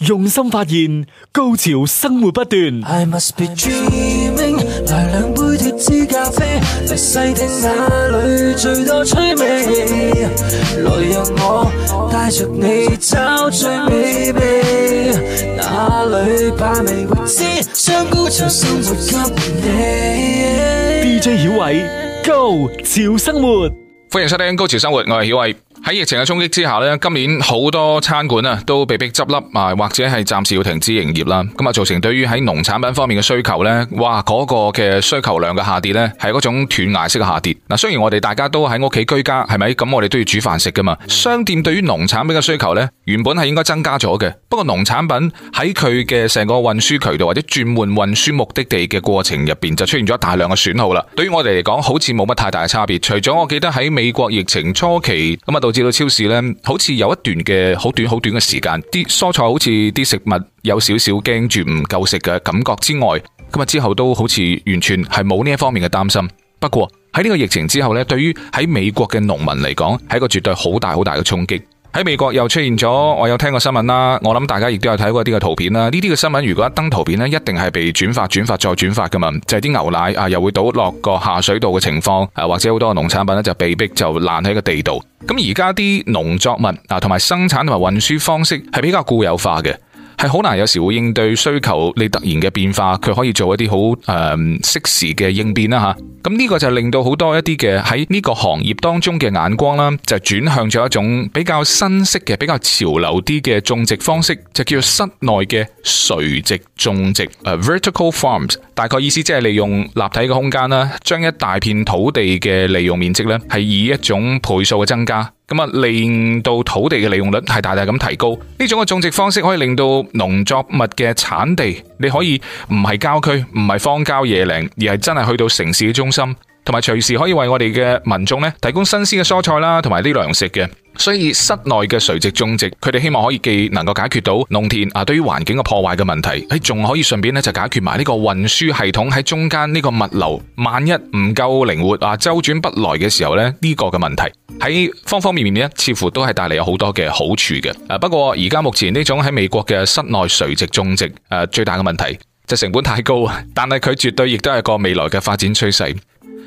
用心發現，高潮生活不斷。I must be dreaming，來兩杯脫脂咖啡，細聽那裏最多趣味。來讓我帶着你找最美秘，baby, 哪裏把味未，未知，將高潮生活給你。DJ 小偉，Go，潮生活，歡迎收聽《高潮生活》，我偉，我係小偉。喺疫情嘅衝擊之下呢，今年好多餐館啊都被逼執笠啊，或者係暫時要停止營業啦。咁啊，造成對於喺農產品方面嘅需求呢，哇，嗰個嘅需求量嘅下跌呢，係嗰種斷崖式嘅下跌。嗱，雖然我哋大家都喺屋企居家，係咪？咁我哋都要煮飯食噶嘛。商店對於農產品嘅需求呢，原本係應該增加咗嘅。不過農產品喺佢嘅成個運輸渠道或者轉換運輸目的地嘅過程入邊，就出現咗大量嘅損耗啦。對於我哋嚟講，好似冇乜太大嘅差別。除咗我記得喺美國疫情初期咁啊，至到超市咧，好似有一段嘅好短好短嘅時間，啲蔬菜好似啲食物有少少驚住唔夠食嘅感覺之外，咁啊之後都好似完全係冇呢一方面嘅擔心。不過喺呢個疫情之後咧，對於喺美國嘅農民嚟講，係一個絕對好大好大嘅衝擊。喺美國又出現咗，我有聽過新聞啦，我諗大家亦都有睇過啲嘅圖片啦。呢啲嘅新聞如果一登圖片呢，一定係被轉發、轉發再轉發噶嘛，就係啲牛奶啊，又會倒落個下水道嘅情況，啊或者好多個農產品咧就被逼就爛喺個地度。咁而家啲農作物啊同埋生產同埋運輸方式係比較固有化嘅。係好難，有時會應對需求你突然嘅變化，佢可以做一啲好誒適時嘅應變啦吓。咁、啊、呢、這個就令到好多一啲嘅喺呢個行業當中嘅眼光啦，就轉向咗一種比較新式嘅、比較潮流啲嘅種植方式，就叫做室內嘅垂直種植。誒、uh，vertical farms 大概意思即係利用立體嘅空間啦，將一大片土地嘅利用面積呢，係以一種倍數嘅增加。咁啊，令到土地嘅利用率係大大咁提高。呢種嘅種植方式可以令到農作物嘅產地，你可以唔係郊區，唔係荒郊野嶺，而係真係去到城市嘅中心。同埋，隨時可以為我哋嘅民眾咧提供新鮮嘅蔬菜啦，同埋啲糧食嘅。所以室內嘅垂直種植，佢哋希望可以既能夠解決到農田啊對於環境嘅破壞嘅問題，喺仲可以順便咧就解決埋呢個運輸系統喺中間呢個物流，萬一唔夠靈活啊周轉不來嘅時候咧，呢個嘅問題喺方方面面咧，似乎都係帶嚟有好多嘅好處嘅。誒，不過而家目前呢種喺美國嘅室內垂直種植誒，最大嘅問題就成本太高啊。但係佢絕對亦都係個未來嘅發展趨勢。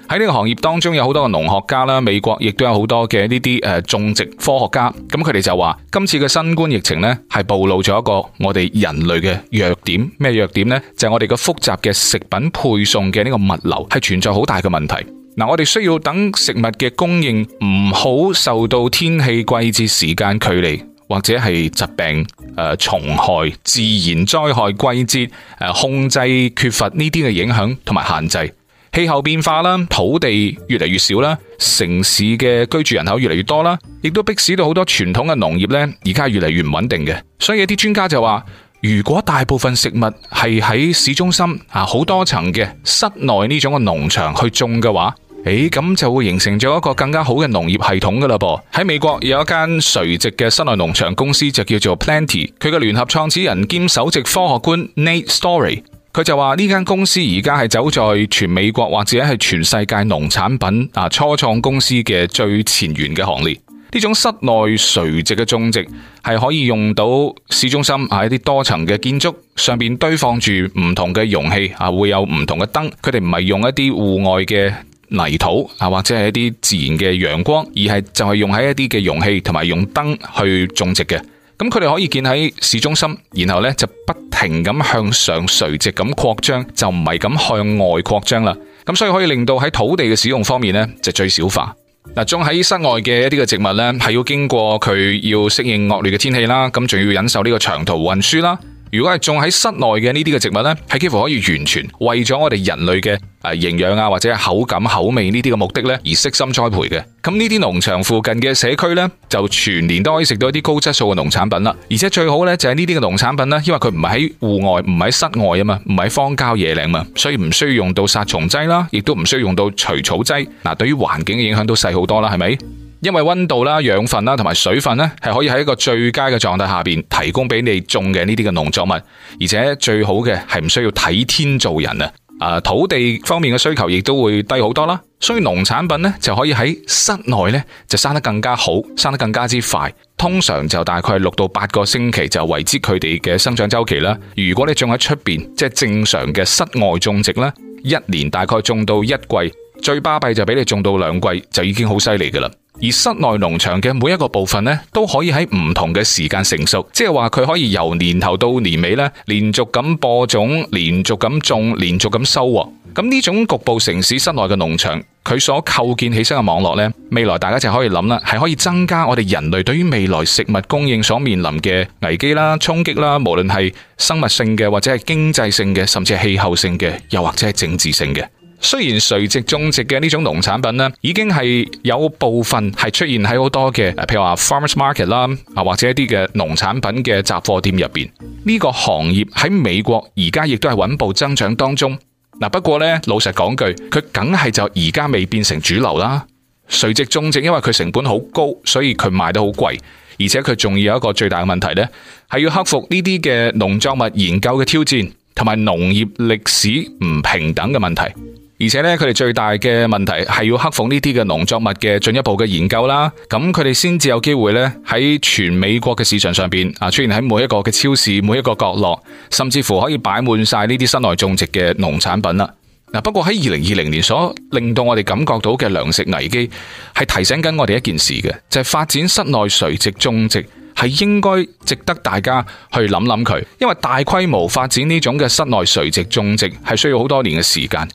喺呢個行業當中有好多嘅農學家啦，美國亦都有好多嘅呢啲誒種植科學家，咁佢哋就話今次嘅新冠疫情呢，係暴露咗一個我哋人類嘅弱點，咩弱點呢？就係我哋嘅複雜嘅食品配送嘅呢個物流係存在好大嘅問題。嗱，我哋需要等食物嘅供應唔好受到天氣、季節、時間、距離或者係疾病、誒蟲害、自然災害、季節誒控制缺乏呢啲嘅影響同埋限制。氣候變化啦，土地越嚟越少啦，城市嘅居住人口越嚟越多啦，亦都迫使到好多傳統嘅農業咧，而家越嚟越唔穩定嘅。所以有啲專家就話，如果大部分食物係喺市中心啊好多層嘅室內呢種嘅農場去種嘅話，誒、哎、咁就會形成咗一個更加好嘅農業系統噶啦噃。喺美國有一間垂直嘅室內農場公司就叫做 Plenty，佢嘅聯合創始人兼首席科學官 Nate Story。佢就話呢間公司而家係走在全美國或者係全世界農產品啊初創公司嘅最前沿嘅行列。呢種室內垂直嘅種植係可以用到市中心啊一啲多層嘅建築上面堆放住唔同嘅容器啊，會有唔同嘅燈。佢哋唔係用一啲戶外嘅泥土啊或者係一啲自然嘅陽光，而係就係用喺一啲嘅容器同埋用燈去種植嘅。咁佢哋可以建喺市中心，然後咧就不停咁向上垂直咁擴張，就唔係咁向外擴張啦。咁所以可以令到喺土地嘅使用方面咧，就最小化。嗱，種喺室外嘅一啲嘅植物咧，係要經過佢要適應惡劣嘅天氣啦，咁仲要忍受呢個長途運輸啦。如果係種喺室內嘅呢啲嘅植物呢，係幾乎可以完全為咗我哋人類嘅誒營養啊，或者係口感口味呢啲嘅目的呢，而悉心栽培嘅。咁呢啲農場附近嘅社區呢，就全年都可以食到一啲高質素嘅農產品啦。而且最好呢，就係呢啲嘅農產品咧，因為佢唔係喺戶外，唔係喺室外啊嘛，唔係荒郊野嶺嘛，所以唔需要用到殺蟲劑啦，亦都唔需要用到除草劑。嗱，對於環境嘅影響都細好多啦，係咪？因為溫度啦、養分啦、同埋水分咧，係可以喺一個最佳嘅狀態下邊提供俾你種嘅呢啲嘅農作物，而且最好嘅係唔需要睇天做人啊。啊，土地方面嘅需求亦都會低好多啦。所以農產品咧就可以喺室內呢就生得更加好，生得更加之快。通常就大概六到八個星期就為之佢哋嘅生長週期啦。如果你種喺出邊，即係正常嘅室外種植咧，一年大概種到一季，最巴閉就俾你種到兩季就已經好犀利噶啦。而室內農場嘅每一個部分咧，都可以喺唔同嘅時間成熟，即係話佢可以由年頭到年尾咧，連續咁播種、連續咁種、連續咁收穫。咁呢種局部城市室內嘅農場，佢所構建起身嘅網絡呢，未來大家就可以諗啦，係可以增加我哋人類對於未來食物供應所面臨嘅危機啦、衝擊啦，無論係生物性嘅或者係經濟性嘅，甚至係氣候性嘅，又或者係政治性嘅。雖然垂直種植嘅呢種農產品咧，已經係有部分係出現喺好多嘅，譬如話 Farmers Market 啦，啊或者一啲嘅農產品嘅雜貨店入邊。呢個行業喺美國而家亦都係穩步增長當中嗱。不過呢，老實講句，佢梗係就而家未變成主流啦。垂直種植因為佢成本好高，所以佢賣得好貴，而且佢仲要有一個最大嘅問題呢，係要克服呢啲嘅農作物研究嘅挑戰，同埋農業歷史唔平等嘅問題。而且咧，佢哋最大嘅問題，係要克服呢啲嘅農作物嘅進一步嘅研究啦。咁佢哋先至有機會咧喺全美國嘅市場上邊啊，出現喺每一個嘅超市、每一個角落，甚至乎可以擺滿晒呢啲室內種植嘅農產品啦。嗱， 不過喺二零二零年所令到我哋感覺到嘅糧食危機，係提醒緊我哋一件事嘅，就係發展室內垂直種植係應該值得大家去諗諗佢，因為大規模發展呢種嘅室內垂直種植係需要好多年嘅時間。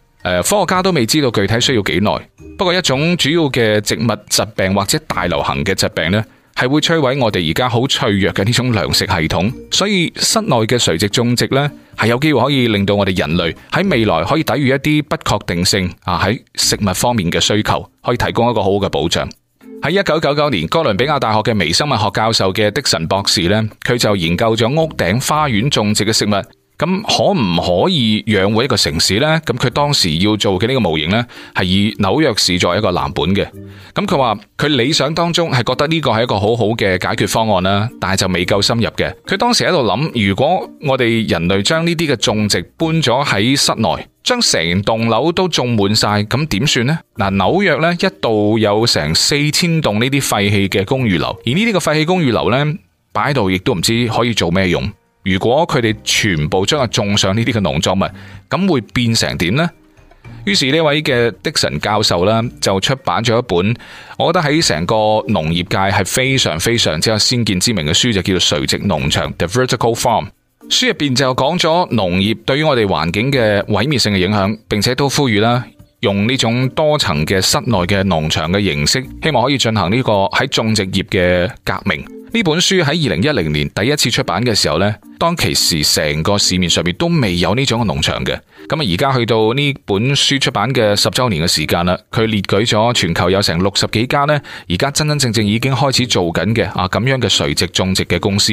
科學家都未知道具體需要幾耐。不過一種主要嘅植物疾病或者大流行嘅疾病呢，係會摧毀我哋而家好脆弱嘅呢種糧食系統。所以室內嘅垂直種植呢，係有機會可以令到我哋人類喺未來可以抵御一啲不確定性啊，喺食物方面嘅需求，可以提供一個好嘅保障。喺一九九九年，哥倫比亞大學嘅微生物學教授嘅迪神博士呢，佢就研究咗屋頂花園種植嘅食物。咁可唔可以養活一個城市呢？咁佢當時要做嘅呢個模型呢，係以紐約市作為一個藍本嘅。咁佢話佢理想當中係覺得呢個係一個好好嘅解決方案啦，但係就未夠深入嘅。佢當時喺度諗，如果我哋人類將呢啲嘅種植搬咗喺室內，將成棟樓都種滿晒，咁點算呢？嗱，紐約呢一度有成四千棟呢啲廢棄嘅公寓樓，而呢啲嘅廢棄公寓樓呢，擺喺度，亦都唔知可以做咩用。如果佢哋全部將佢種上呢啲嘅農作物，咁會變成點呢？於是呢位嘅迪神教授啦，就出版咗一本，我覺得喺成個農業界係非常非常之有先見之明嘅書，就叫做垂直農場 （The Vertical Farm）。書入邊就講咗農業對於我哋環境嘅毀滅性嘅影響，並且都呼籲啦，用呢種多層嘅室內嘅農場嘅形式，希望可以進行呢個喺種植業嘅革命。呢本書喺二零一零年第一次出版嘅時候呢，當其時成個市面上面都未有呢種農場嘅。咁啊，而家去到呢本書出版嘅十周年嘅時間啦，佢列舉咗全球有成六十幾家呢，而家真真正正已經開始做緊嘅，啊咁樣嘅垂直種植嘅公司。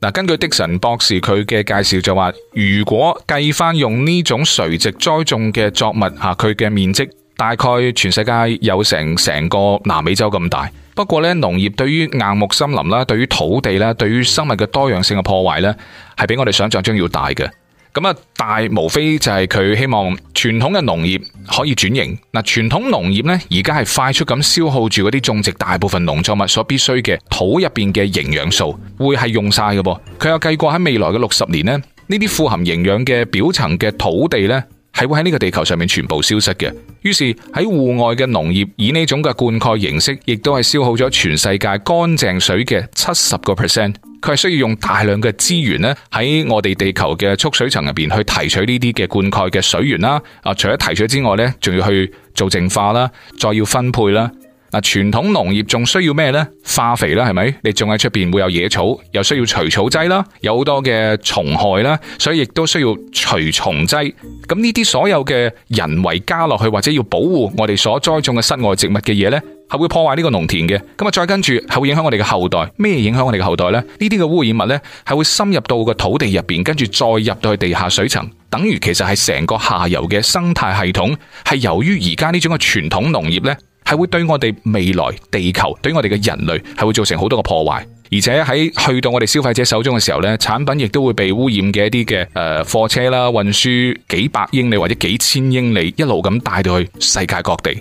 嗱，根據迪神博士佢嘅介紹就話，如果計翻用呢種垂直栽種嘅作物啊，佢嘅面積。大概全世界有成成個南美洲咁大，不過咧農業對於硬木森林啦、對於土地啦、對於生物嘅多樣性嘅破壞咧，係比我哋想象中要大嘅。咁啊，大無非就係佢希望傳統嘅農業可以轉型。嗱，傳統農業咧而家係快速咁消耗住嗰啲種植大部分農作物所必需嘅土入邊嘅營養素，會係用晒嘅噃。佢又計過喺未來嘅六十年咧，呢啲富含營養嘅表層嘅土地咧。係會喺呢個地球上面全部消失嘅。於是喺戶外嘅農業以呢種嘅灌溉形式，亦都係消耗咗全世界乾淨水嘅七十個 percent。佢係需要用大量嘅資源咧，喺我哋地球嘅蓄水層入邊去提取呢啲嘅灌溉嘅水源啦。啊，除咗提取之外咧，仲要去做淨化啦，再要分配啦。嗱，傳統農業仲需要咩呢？化肥啦，係咪？你種喺出邊會有野草，又需要除草劑啦，有好多嘅蟲害啦，所以亦都需要除蟲劑。咁呢啲所有嘅人為加落去，或者要保護我哋所栽種嘅室外植物嘅嘢呢，係會破壞呢個農田嘅。咁啊，再跟住係會影響我哋嘅後代咩？影響我哋嘅後代呢？呢啲嘅污染物呢，係會深入到個土地入邊，跟住再入到去地下水層，等於其實係成個下游嘅生態系統，係由於而家呢種嘅傳統農業呢，係會對我哋未來地球，對我哋嘅人類，係會造成好多嘅破壞。而且喺去到我哋消費者手中嘅時候咧，產品亦都會被污染嘅，一啲嘅誒貨車啦，運輸幾百英里或者幾千英里，一路咁帶到去世界各地。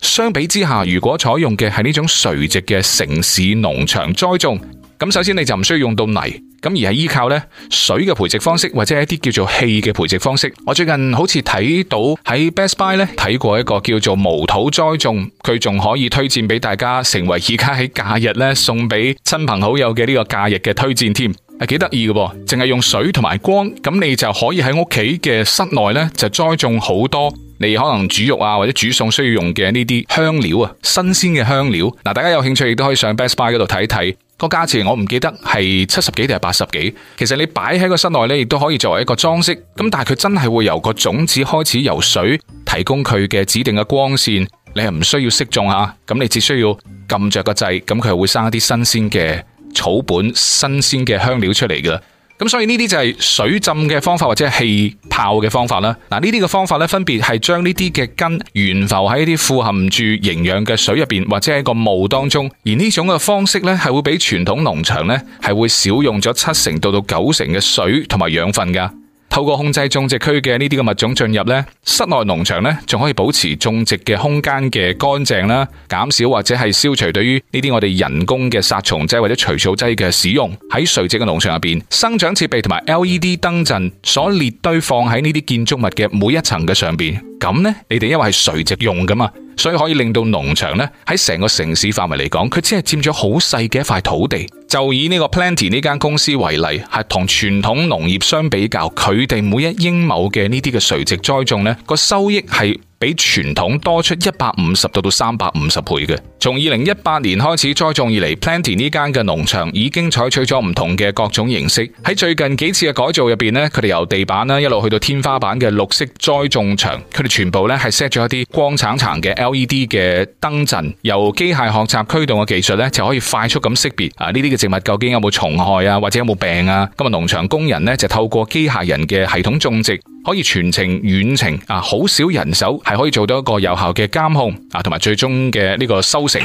相比之下，如果採用嘅係呢種垂直嘅城市農場栽種。咁首先你就唔需要用到泥，咁而係依靠呢水嘅培植方式，或者一啲叫做氣嘅培植方式。我最近好似睇到喺 Best Buy 呢睇過一個叫做無土栽種，佢仲可以推薦俾大家成為而家喺假日呢送俾親朋好友嘅呢個假日嘅推薦添，係幾得意嘅，淨係用水同埋光，咁你就可以喺屋企嘅室內呢就栽種好多，你可能煮肉啊或者煮餸需要用嘅呢啲香料啊，新鮮嘅香料。嗱，大家有興趣亦都可以上 Best Buy 嗰度睇睇。個價錢我唔記得係七十幾定係八十幾，其實你擺喺個室內呢，亦都可以作為一個裝飾。咁但係佢真係會由個種子開始游水，提供佢嘅指定嘅光線，你係唔需要識種吓，咁你只需要撳着個掣，咁佢係會生一啲新鮮嘅草本、新鮮嘅香料出嚟噶咁所以呢啲就係水浸嘅方法，或者係氣泡嘅方法啦。嗱，呢啲嘅方法咧，分別係將呢啲嘅根懸浮喺啲富含住營養嘅水入邊，或者係一個霧當中，而呢種嘅方式咧，係會比傳統農場咧係會少用咗七成到到九成嘅水同埋養分噶。透過控制種植區嘅呢啲個物種進入呢室內農場呢，仲可以保持種植嘅空間嘅乾淨啦，減少或者係消除對於呢啲我哋人工嘅殺蟲劑或者除草劑嘅使用。喺垂直嘅農場入邊，生長設備同埋 LED 燈陣所列堆放喺呢啲建築物嘅每一層嘅上邊，咁呢，你哋因為係垂直用㗎嘛，所以可以令到農場呢喺成個城市範圍嚟講，佢只係佔咗好細嘅一塊土地。就以呢個 Plenty 呢間公司為例，係同傳統農業相比較，佢哋每一英畝嘅呢啲嘅垂直栽種咧，個收益係比傳統多出一百五十到到三百五十倍嘅。從二零一八年開始栽種以嚟 Plenty 呢間嘅農場已經採取咗唔同嘅各種形式。喺最近幾次嘅改造入邊咧，佢哋由地板啦一路去到天花板嘅綠色栽種場，佢哋全部咧係 set 咗一啲光橙橙嘅 LED 嘅燈陣，由機械學習驅動嘅技術咧就可以快速咁識別啊呢啲嘅。植物究竟有冇蟲害啊，或者有冇病啊？咁農場工人咧就透過機械人嘅系統種植。可以全程遠程啊，好少人手係可以做到一個有效嘅監控啊，同埋最終嘅呢個收成。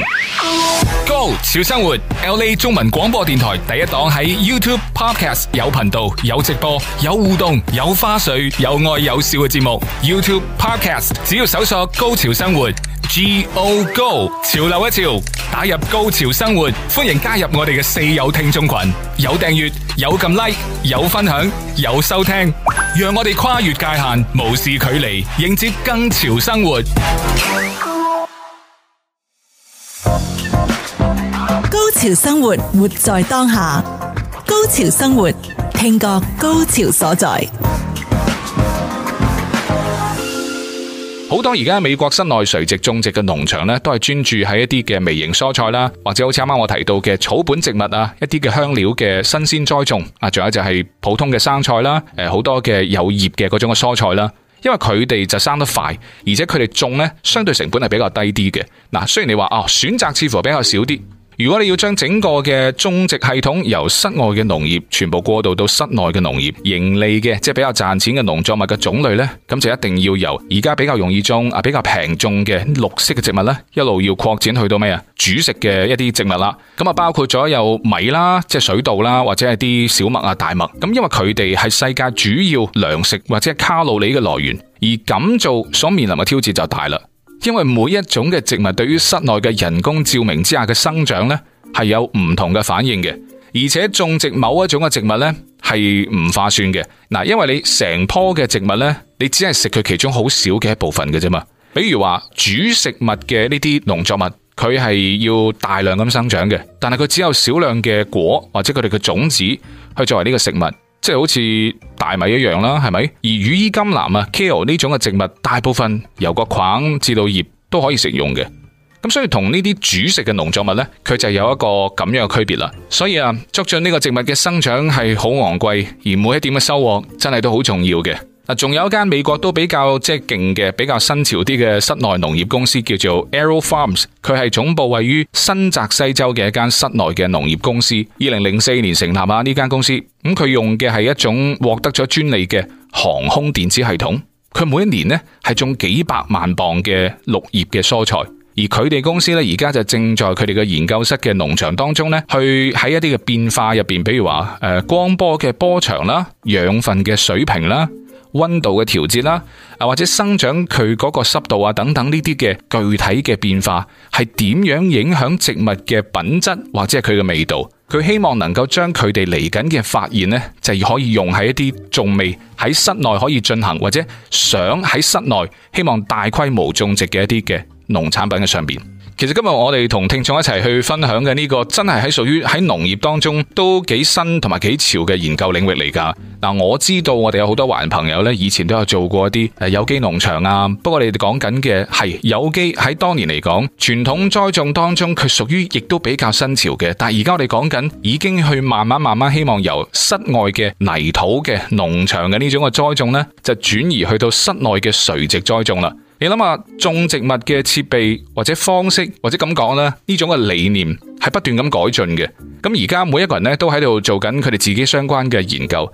Go！潮生活，L A 中文廣播電台第一檔喺 YouTube Podcast 有頻道、有直播、有互動、有花絮、有愛有笑嘅節目。YouTube Podcast 只要搜索“高潮生活 ”，G O Go！潮流一潮，打入高潮生活，歡迎加入我哋嘅四有聽眾群，有訂閱、有撳 Like、有分享、有收聽，讓我哋跨越越界限，無視距離，迎接更潮生活。高潮生活，活在當下。高潮生活，聽覺高潮所在。好多而家美國室內垂直種植嘅農場咧，都係專注喺一啲嘅微型蔬菜啦，或者好似啱啱我提到嘅草本植物啊，一啲嘅香料嘅新鮮栽種啊，仲有就係普通嘅生菜啦，誒，好多嘅有葉嘅嗰種嘅蔬菜啦，因為佢哋就生得快，而且佢哋種咧相對成本係比較低啲嘅。嗱，雖然你話哦，選擇似乎比較少啲。如果你要將整個嘅種植系統由室外嘅農業全部過渡到室內嘅農業，盈利嘅即係比較賺錢嘅農作物嘅種類呢，咁就一定要由而家比較容易種啊，比較平種嘅綠色嘅植物呢，一路要擴展去到咩啊？主食嘅一啲植物啦，咁啊包括咗有米啦，即係水稻啦，或者係啲小麥啊、大麥，咁因為佢哋係世界主要糧食或者係卡路里嘅來源，而咁做所面臨嘅挑戰就大啦。因為每一種嘅植物對於室內嘅人工照明之下嘅生長呢係有唔同嘅反應嘅。而且種植某一種嘅植物呢係唔劃算嘅。嗱，因為你成棵嘅植物呢，你只係食佢其中好少嘅一部分嘅啫嘛。比如話主食物嘅呢啲農作物，佢係要大量咁生長嘅，但係佢只有少量嘅果，或者佢哋嘅種子去作為呢個食物。即係好似大米一樣啦，係咪？而羽衣甘藍啊、Kale 呢種嘅植物，大部分由個梗至到葉都可以食用嘅。咁所以同呢啲主食嘅農作物咧，佢就有一個咁樣嘅區別啦。所以啊，促進呢個植物嘅生長係好昂貴，而每一點嘅收穫真係都好重要嘅。仲有一間美國都比較即係勁嘅，比較新潮啲嘅室內農業公司叫做 AeroFarms。佢係總部位於新澤西州嘅一間室內嘅農業公司。二零零四年成立啊呢間公司，咁佢用嘅係一種獲得咗專利嘅航空電子系統。佢每一年呢係種幾百萬磅嘅綠葉嘅蔬菜，而佢哋公司呢而家就正在佢哋嘅研究室嘅農場當中呢去喺一啲嘅變化入邊，比如話誒、呃、光波嘅波長啦、養分嘅水平啦。溫度嘅調節啦，啊或者生長佢嗰個濕度啊等等呢啲嘅具體嘅變化，係點樣影響植物嘅品質或者係佢嘅味道？佢希望能夠將佢哋嚟緊嘅發現呢，就可以用喺一啲仲未喺室內可以進行或者想喺室內希望大規模種植嘅一啲嘅農產品嘅上邊。其實今日我哋同聽眾一齊去分享嘅呢個，真係喺屬於喺農業當中都幾新同埋幾潮嘅研究領域嚟噶。嗱，我知道我哋有好多華人朋友呢，以前都有做過一啲有機農場啊。不過你哋講緊嘅係有機喺當年嚟講，傳統栽種當中佢屬於亦都比較新潮嘅。但係而家我哋講緊已經去慢慢慢慢希望由室外嘅泥土嘅農場嘅呢種嘅栽種呢，就轉移去到室內嘅垂直栽種啦。你諗下，種植物嘅設備或者方式，或者咁講咧，呢種嘅理念係不斷咁改進嘅。咁而家每一個人咧都喺度做緊佢哋自己相關嘅研究。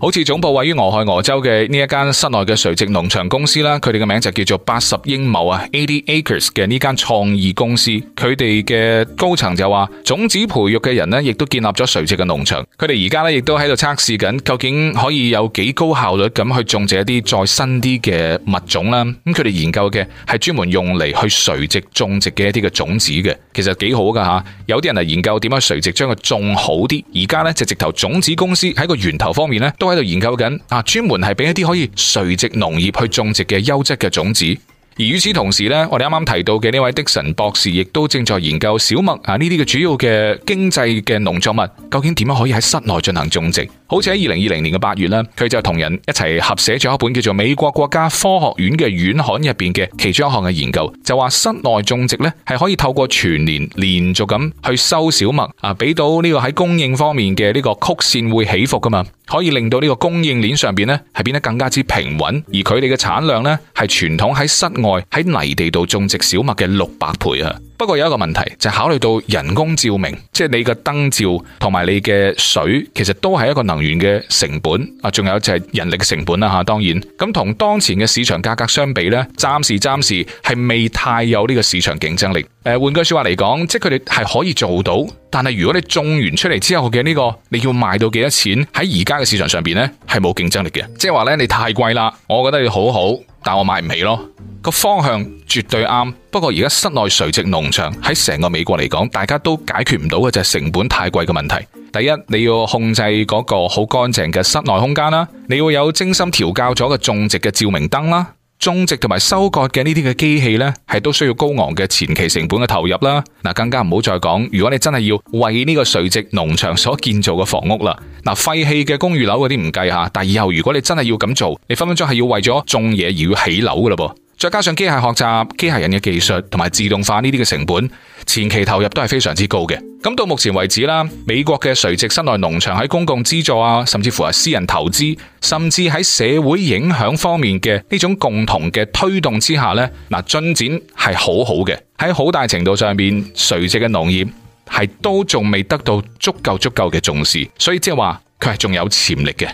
好似總部位於俄亥俄州嘅呢一間室內嘅垂直農場公司啦，佢哋嘅名就叫做八十英畝啊 （Eighty Acres） 嘅呢間創意公司。佢哋嘅高層就話，種子培育嘅人呢亦都建立咗垂直嘅農場。佢哋而家呢亦都喺度測試緊，究竟可以有幾高效率咁去種植一啲再新啲嘅物種啦。咁佢哋研究嘅係專門用嚟去垂直種植嘅一啲嘅種子嘅，其實幾好噶吓。有啲人嚟研究點樣垂直將佢種好啲。而家呢，就直頭種子公司喺個源頭方面咧。都喺度研究緊啊，專門係俾一啲可以垂直農業去種植嘅優質嘅種子。而與此同時咧，我哋啱啱提到嘅呢位迪神博士，亦都正在研究小麥啊呢啲嘅主要嘅經濟嘅農作物，究竟點樣可以喺室內進行種植？好似喺二零二零年嘅八月，呢佢就同人一齊合寫咗一本叫做《美國國家科學院嘅院刊》入面嘅其中一項嘅研究，就話室內種植呢係可以透過全年連續咁去收小麥啊，俾到呢個喺供應方面嘅呢個曲線會起伏噶嘛，可以令到呢個供應鏈上面呢係變得更加之平穩，而佢哋嘅產量呢，係傳統喺室外喺泥地度種植小麥嘅六百倍啊。不過有一個問題就是、考慮到人工照明，即、就、係、是、你嘅燈照同埋你嘅水，其實都係一個能源嘅成本啊，仲有就係人力成本啦吓、啊。當然咁同、啊、當前嘅市場價格相比呢，暫時暫時係未太有呢個市場競爭力。誒、呃，換句話說話嚟講，即係佢哋係可以做到，但係如果你種完出嚟之後嘅呢、這個，你要賣到幾多錢？喺而家嘅市場上邊呢係冇競爭力嘅，即係話呢，你太貴啦，我覺得你好好，但我買唔起咯。個方向絕對啱，不過而家室內垂直農場喺成個美國嚟講，大家都解決唔到嘅就係成本太貴嘅問題。第一，你要控制嗰個好乾淨嘅室內空間啦，你要有精心調教咗嘅種植嘅照明燈啦，種植同埋收割嘅呢啲嘅機器呢，係都需要高昂嘅前期成本嘅投入啦。嗱，更加唔好再講，如果你真係要為呢個垂直農場所建造嘅房屋啦，嗱，廢棄嘅公寓樓嗰啲唔計吓，但係以後如果你真係要咁做，你分分鐘係要為咗種嘢而要起樓噶啦噃。再加上機械學習、機械人嘅技術同埋自動化呢啲嘅成本，前期投入都係非常之高嘅。咁到目前為止啦，美國嘅垂直室內農場喺公共資助啊，甚至乎係私人投資，甚至喺社會影響方面嘅呢種共同嘅推動之下呢，嗱，進展係好好嘅。喺好大程度上面，垂直嘅農業係都仲未得到足夠足夠嘅重視，所以即係話佢係仲有潛力嘅。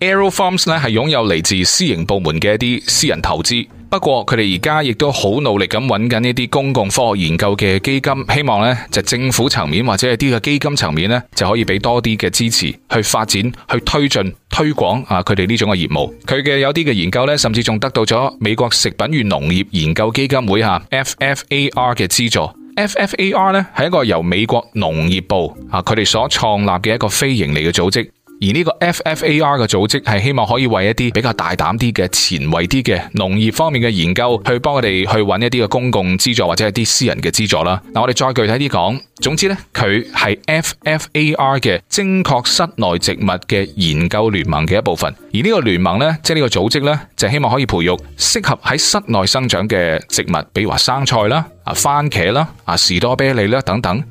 AeroFarms 呢係擁有嚟自私營部門嘅一啲私人投資。不過佢哋而家亦都好努力咁揾緊呢啲公共科學研究嘅基金，希望咧就政府層面或者係啲嘅基金層面咧就可以俾多啲嘅支持，去發展、去推進、推廣啊佢哋呢種嘅業務。佢嘅有啲嘅研究咧，甚至仲得到咗美國食品與農業研究基金會吓 （FFAR） 嘅資助。FFAR 咧係一個由美國農業部啊佢哋所創立嘅一個非盈利嘅組織。而呢個 FFAR 嘅組織係希望可以為一啲比較大膽啲嘅前衛啲嘅農業方面嘅研究，去幫我哋去揾一啲嘅公共資助或者係啲私人嘅資助啦。嗱，我哋再具體啲講，總之咧，佢係 FFAR 嘅精確室內植物嘅研究聯盟嘅一部分。而呢個聯盟咧，即係呢個組織咧，就希望可以培育適合喺室內生長嘅植物，比如話生菜啦、啊番茄啦、啊士多啤梨啦等等。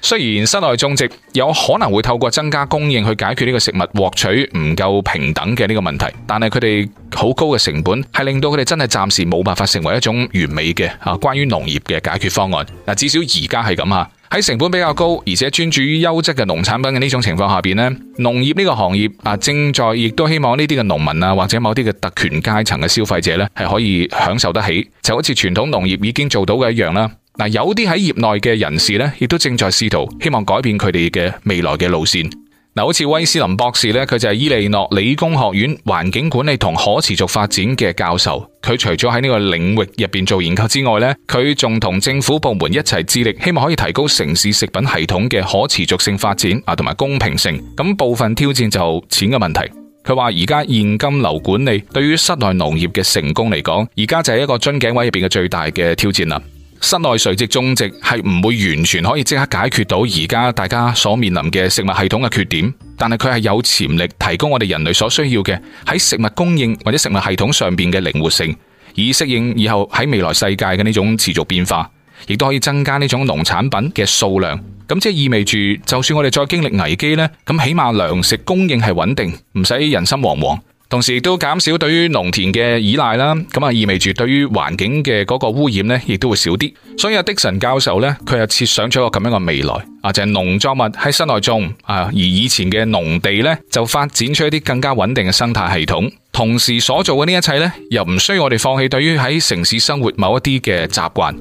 雖然室內種植有可能會透過增加供應去解決呢個食物獲取唔夠平等嘅呢個問題，但係佢哋好高嘅成本係令到佢哋真係暫時冇辦法成為一種完美嘅啊關於農業嘅解決方案。嗱，至少而家係咁啊，喺成本比較高而且專注於優質嘅農產品嘅呢種情況下邊呢，農業呢個行業啊正在亦都希望呢啲嘅農民啊或者某啲嘅特權階層嘅消費者呢，係可以享受得起，就好似傳統農業已經做到嘅一樣啦。有啲喺業內嘅人士咧，亦都正在試圖希望改變佢哋嘅未來嘅路線。嗱，好似威斯林博士咧，佢就係伊利諾理工學院環境管理同可持續發展嘅教授。佢除咗喺呢個領域入邊做研究之外咧，佢仲同政府部門一齊致力，希望可以提高城市食品系統嘅可持續性發展啊，同埋公平性。咁部分挑戰就錢嘅問題。佢話而家現金流管理對於室內農業嘅成功嚟講，而家就係一個樽頸位入邊嘅最大嘅挑戰啦。室內垂直種植係唔會完全可以即刻解決到而家大家所面臨嘅食物系統嘅缺點，但係佢係有潛力提供我哋人類所需要嘅喺食物供應或者食物系統上面嘅靈活性，以適應以後喺未來世界嘅呢種持續變化，亦都可以增加呢種農產品嘅數量。咁即係意味住，就算我哋再經歷危機呢，咁起碼糧食供應係穩定，唔使人心惶惶。同時都減少對於農田嘅依賴啦，咁啊意味住對於環境嘅嗰個污染，呢，亦都會少啲。所以啊，的神教授呢，佢又設想咗一個咁樣嘅未來啊，就係農作物喺室內種啊，而以前嘅農地呢，就發展出一啲更加穩定嘅生態系統。同時所做嘅呢一切呢，又唔需要我哋放棄對於喺城市生活某一啲嘅習慣。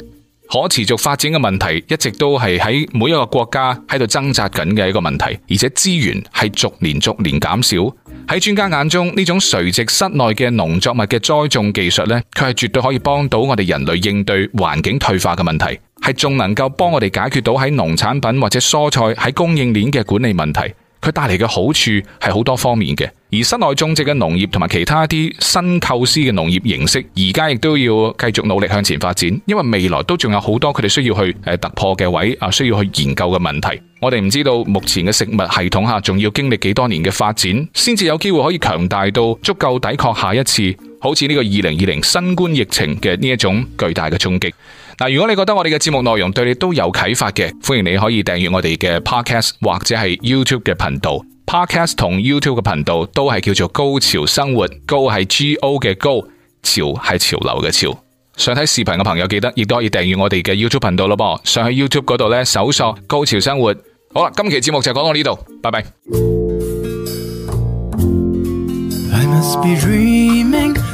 可持續發展嘅問題一直都係喺每一個國家喺度掙扎緊嘅一個問題，而且資源係逐年逐年減少。喺專家眼中，呢種垂直室內嘅農作物嘅栽種技術呢，佢係絕對可以幫到我哋人類應對環境退化嘅問題，係仲能夠幫我哋解決到喺農產品或者蔬菜喺供應鏈嘅管理問題。佢帶嚟嘅好處係好多方面嘅，而室內種植嘅農業同埋其他一啲新構思嘅農業形式，而家亦都要繼續努力向前發展，因為未來都仲有好多佢哋需要去誒突破嘅位啊，需要去研究嘅問題。我哋唔知道目前嘅食物系統下仲要經歷幾多年嘅發展，先至有機會可以強大到足夠抵抗下一次好似呢個二零二零新冠疫情嘅呢一種巨大嘅衝擊。嗱，如果你覺得我哋嘅節目內容對你都有啟發嘅，歡迎你可以訂閱我哋嘅 podcast 或者係 YouTube 嘅頻道。podcast 同 YouTube 嘅頻道都係叫做高潮生活，高係 G O 嘅高，潮係潮流嘅潮。想睇視頻嘅朋友記得亦都可以訂閱我哋嘅 YouTube 頻道咯噃。上去 YouTube 嗰度咧，搜索，高潮生活。好啦，今期節目就講到呢度，拜拜。